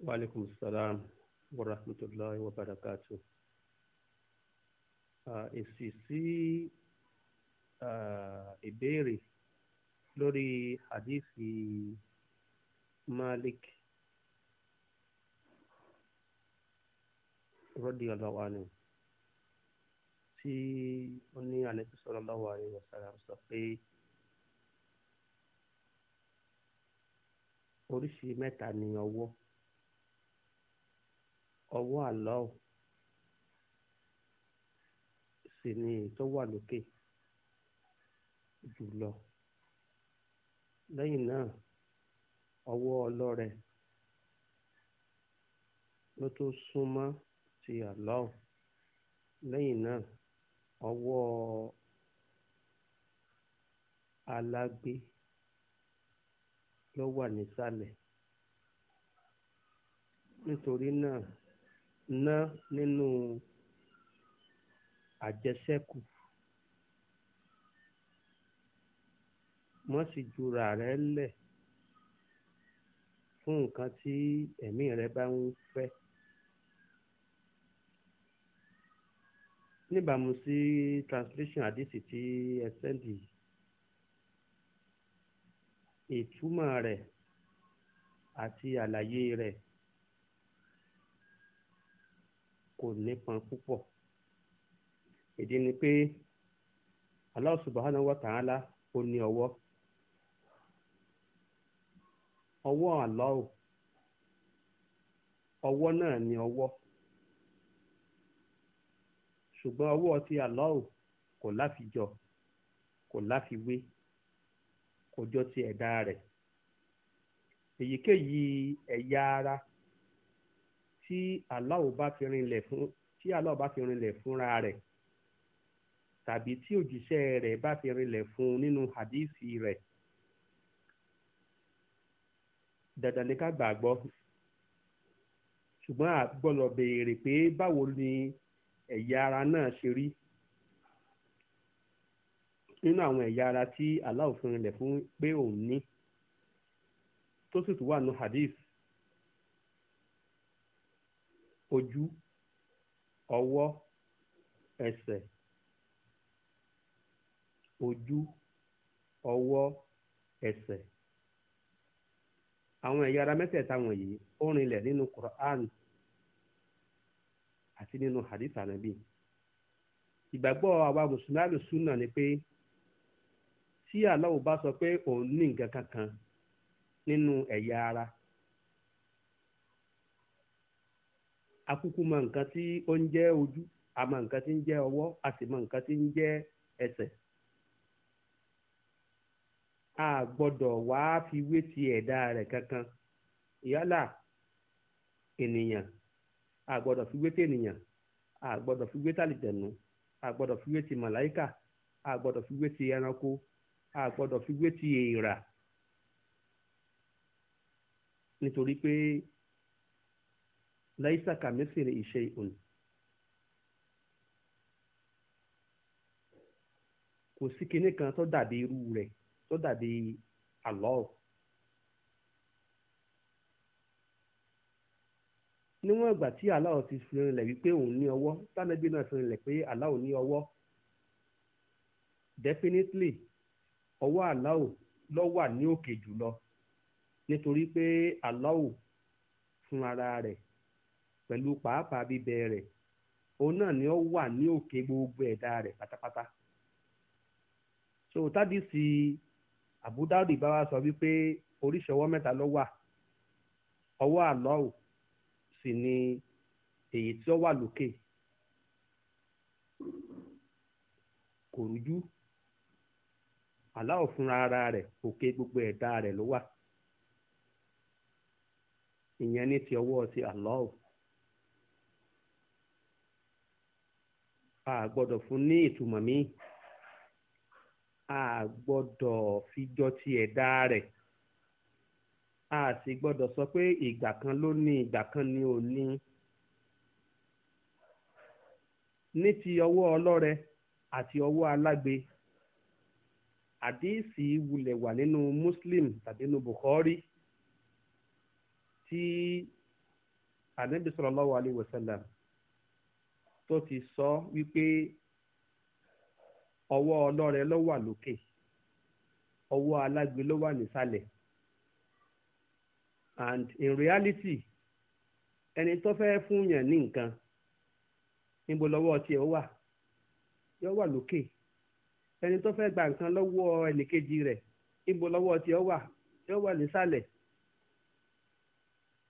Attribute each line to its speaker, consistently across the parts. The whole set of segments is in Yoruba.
Speaker 1: wa alaikum salam wa rahmatulahi wa barakatu. èsì sí ìbéèrè lórí hadithi Malik radiyallahu anhu tí ó ní àlejò sallallahu alaihi wasallam sọ pé oríṣi mẹ́ta ni ọwọ́ ọwọ́ àlọ́ sì ni èyí tó wà lókè jùlọ lẹ́yìn náà ọwọ́ ọlọ́rẹ̀ ló tó súnmọ́ ti àlọ́ lẹ́yìn náà ọwọ́ alágbé ló wà nísàlẹ̀ nítorí náà ná nínú àjẹsẹ́kù mọ́ sì jura rẹ̀ lẹ̀ fún nǹkan tí ẹ̀mí rẹ̀ bá ń fẹ́. níbàámu sí translation àdìsí tí ẹ sẹ́ndì yìí ìtumọ̀ rẹ̀ àti àlàyé rẹ̀. nípọn púpọ̀ ìdí ni pé Allah subhanahu wa ta'ala ó ní ọwọ́ ọwọ́ Allah ọwọ́ náà ni ọwọ́ ṣùgbọ́n ọwọ́ ti Allah kò láfijọ kò láfiwé kò jọ ti ẹ̀dá rẹ̀ èyíkéyìí ẹ̀yà ara tí Allah bá fi rinlẹ̀ fún tí Allah bá fi rinlẹ̀ fúnra rẹ̀ tàbí tí òjíṣẹ́ rẹ̀ bá fi rinlẹ̀ fún nínú hadisi rẹ̀ dandan ni ká gbàgbọ́ ṣùgbọ́n a gbọ́dọ̀ béèrè pé báwo ni ẹ̀yà ara náà ṣe rí nínú àwọn ẹ̀yà ara tí Allah fi rinlẹ̀ fún pé òun ní tó sì tún wà nù hadisi ojú ọwọ́ ẹsẹ̀ ojú ọwọ́ ẹsẹ̀ àwọn ẹ̀yà ara mẹ́tẹ̀ẹ̀ta wọ̀nyí ó rinlẹ̀ nínú Qur'an àti nínú hadith anabi ìgbàgbọ́ àwa mùsùlùmí ni pé tí Allah bá sọ pé òun ní nǹkan kankan nínú ẹ̀yà ara akúkú mọ nǹkan tí ó ń jẹ́ ojú a mọ nǹkan tí ń jẹ́ ọwọ́ a sì mọ nǹkan tí ń jẹ́ ẹsẹ̀ a gbọ́dọ̀ wá fi wé ti ẹ̀dá rẹ̀ kankan yálà ènìyàn a gbọ́dọ̀ fi wé ti ènìyàn a gbọ́dọ̀ fi wé tàlìjẹ̀nu a gbọ́dọ̀ fi wé ti màláíkà a gbọ́dọ̀ fi wé ti ẹranko a gbọ́dọ̀ fi wé ti èèrà nítorí pé laisa kàmísìrì ìṣe ìhùn kò sí kinní kan tó dàbí irú rẹ̀ tó dàbí Allah níwọ̀n ìgbà tí Allah ti fi rinlẹ̀ wípé òun ní ọwọ́ tánàbí náà fi rinlẹ̀ pé Allah ní ọwọ́ definitely ọwọ́ Allah ló wà ní òkè jùlọ nítorí pé Allah fún ara rẹ̀ pẹ̀lú pàápàá bíbẹ rẹ̀ òun náà ni ó wà ní òkè gbogbo ẹ̀dá rẹ̀ pátápátá. so tádìsí àbúdáwùdì bá wa sọ wípé oríṣi ọwọ́ mẹ́ta ló wà ọwọ́ àlọ́ọ̀ sì ni èyí tí ó wà lókè kò rújú aláwọ̀ ara rẹ̀ òkè gbogbo ẹ̀dá rẹ̀ ló wà ìyẹn ní ti ọwọ́ ti a gbọ́dọ̀ fún ní ìtumọ̀ míì a gbọ́dọ̀ fijọ́ ti ẹ̀dá rẹ̀ a sì gbọ́dọ̀ sọ pé ìgbà kan ló ní ìgbà kan ni ò ní. ní ti ọwọ́ ọlọ́rẹ àti ọwọ́ alágbe àdéhìsì wulẹ̀ wà nínú Muslim tàbí nínú Bukhari tí anabi sallallahu alaihi wasallam tó ti sọ wípé ọwọ́ ọlọ́rẹ ló wà lókè ọwọ́ alágbe ló wà nísàlẹ̀ and in reality ẹni tó fẹ́ fún yàn ní nǹkan níbo lọ́wọ́ tiẹ̀ wà yóò wà lókè ẹni tó fẹ́ gba nǹkan lọ́wọ́ ẹnìkejì rẹ̀ níbo lọ́wọ́ tiẹ̀ wà yóò wà nísàlẹ̀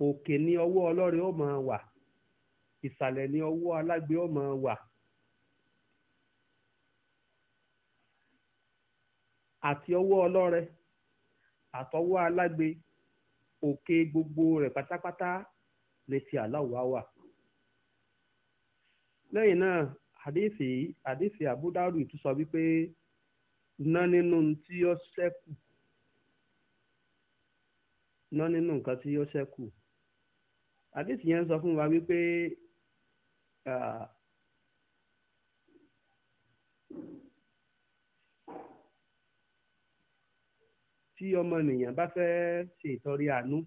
Speaker 1: òkè ni ọwọ́ ọlọ́rẹ ó máa wà ìsàlẹ̀ ni ọwọ́ alágbe ọmọ wà. àti ọwọ́ ọlọ́rẹ àtọwọ́ alágbe òkè gbogbo rẹ̀ pátápátá ní ti aláwọ̀ wà. lẹ́yìn náà àdéhìí àdéhìí àbúdárù ìtún sọ wípé ná nínú tí ó ṣẹ́kù ná nínú nǹkan tí ó ṣẹ́kù àdéhìí yẹn sọ fún wa wípé Uh, tí ọmọnìyàn bá fẹ́ ṣe ìtọrẹ àánú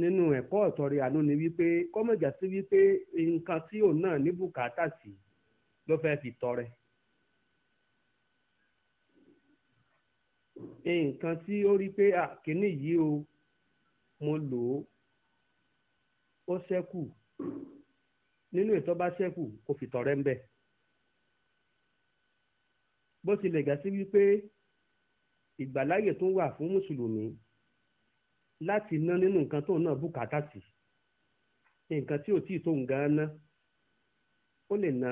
Speaker 1: nínú ẹ̀kọ́ ìtọrẹ àánú ni wípé kọ́mọ̀jà sí wípé nǹkan tí òun náà ní bùkátà sí ló fẹ́ fi tọrẹ. nǹkan tí ó rí pé àkíní yìí o mo lò ó ó ṣẹ́kù nínú ètò bá ṣẹ́kù kò fi tọrẹ ń bẹ̀. bó tilẹ̀ gà sí wípé ìgbàláyè tó wà fún mùsùlùmí láti ná nínú nǹkan tóun náà bùkátà sí nǹkan tí ò tí ì tóun gan ná ó lè ná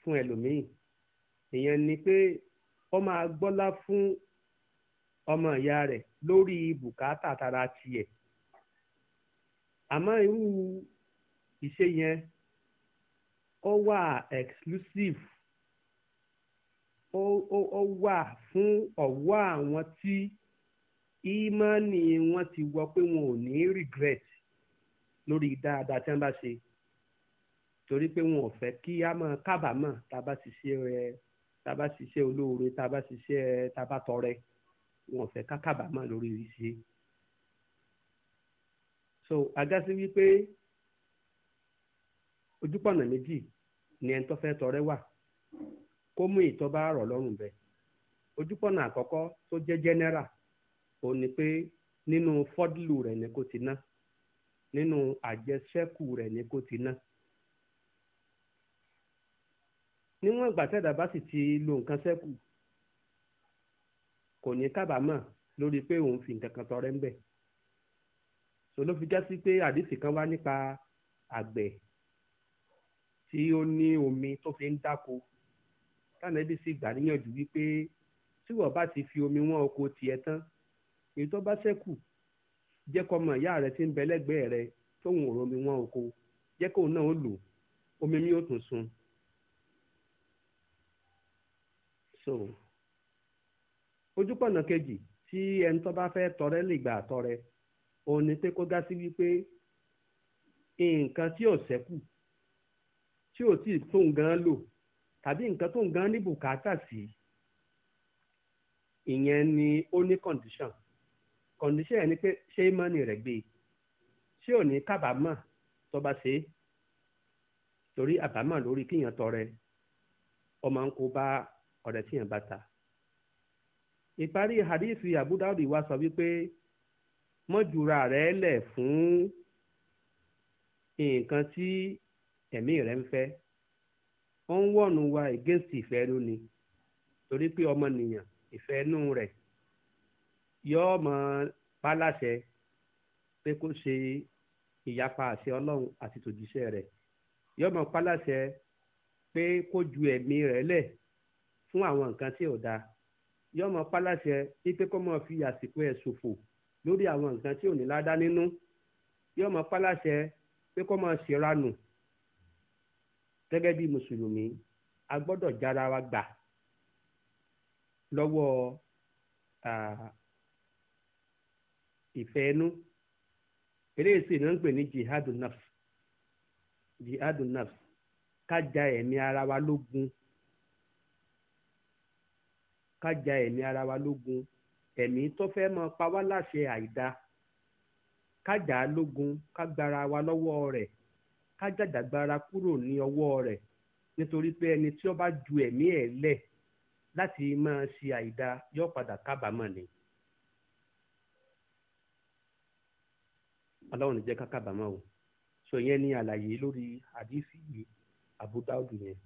Speaker 1: fún ẹlòmíì ìyẹn ni pé ó máa gbọ́lá fún ọmọ ìyá rẹ̀ lórí bùkátà tara tiẹ̀ àmọ́ irú ìṣe yẹn ó wà exclusive ó ó ó wà fún ọ̀wọ́ àwọn tí ìmọ̀ọ́nì wọn ti wọ pé wọn ò ní regret lórí dáadáa tí wọ́n bá ṣe torí pé wọn ò fẹ́ kí a máa kábàámọ̀ tá a bá ṣiṣẹ́ rẹ tá a bá ṣiṣẹ́ olóore tá a bá ṣiṣẹ́ tá a bá tọrẹ wọn ò fẹ́ ká kábàámọ̀ lórí ìṣe. so agasi wípé ojúpọ̀nà méjì ni ẹni tó fẹ́ tọrẹ wà kó bẹ ojupọna akọkọ lọ́rùn je jenera o ni pe general ó ní ni ko ti na ninu ajeseku re ni ko ti na ni ìgbà tẹ́dà bá sì ti lo nǹkan sẹ́kù kò ní kábàámọ̀ lórí pé òun fi nǹkan kan tọrẹ ń bẹ̀. so ló fi já sí pé àdìsí kan wá nípa àgbẹ̀ tí ó ní omi tó fi ń dáko tánàbí sì gbà níyànjú wípé tí wọ́n bá ti fi omi wọ́n oko tiẹ̀ tán èyí tó bá ṣẹ́kù jẹ́ kó ọmọ ìyá rẹ̀ ti ń bẹ lẹ́gbẹ̀ẹ́ rẹ̀ tóun ò romi wọ́n oko jẹ́ kóun náà ó lò omi mi ò tún sun. so ojúpọ̀nà kejì tí ẹni tó bá fẹ́ tọrẹ lè gbà tọrẹ òun ni pé kó dá sí wípé nǹkan tí ò ṣẹ́kù tí ò tí tó nǹkan lò tàbí nǹkan tó nǹkan ní bùkátà sí ìyẹn ni ó ní condition condition yẹn ni pé ṣé mọ́ni rẹ̀ gbé ṣé ò ní kábàámọ̀ tó bá ṣe é torí àbámọ̀ lórí kíyàn tọrẹ ó máa ń kó bá ọ̀rẹ́ tíyàn bá ta ìparí hadithi Abu Dawud wa sọ wípé mọ́júra rẹ̀ lẹ̀ fún nǹkan tí ẹ̀mí rẹ̀ ń fẹ́ ó ń wọ̀nù wa against ìfẹ́ ló ni torí pé ọmọnìyàn ìfẹ́ inú rẹ̀ yọ́ọ́ mọ pálàṣẹ pé kó ṣe ìyapa àṣẹ ọlọ́run àti tòjíṣẹ́ rẹ̀ yọ́ọ́ mọ pálàṣẹ pé kó ju ẹ̀mí rẹ̀ lẹ̀ fún àwọn nǹkan tí ò dáa yọ́ọ́ mọ pálàṣẹ pé kó mọ fi àsìkò ẹ̀ ṣòfò lórí àwọn nǹkan tí ò ní ládá nínú yóò máa pálàṣẹ pé kó máa ṣèranù gẹ́gẹ́ bí mùsùlùmí a gbọ́dọ̀ jára wa gbà lọ́wọ́ ìfẹ́ inú eléyìí jihadu naf jihadu ká ja ẹ̀mí ara wa lógun ẹ̀mí tó fẹ́ máa pa wá láṣẹ àìda kájà á lógun ká gbára wa lọ́wọ́ rẹ̀ ká jàjàgbara kúrò ní ọwọ́ rẹ̀ nítorí pé ẹni tí ó bá ju ẹ̀mí ẹ̀ lẹ̀ láti máa ṣe àìda yóò padà kábàámọ̀ ni. ọlọ́run jẹ́ ká kábàámọ̀ o sọ ní àlàyé lórí àdìsí yìí Abu yẹn.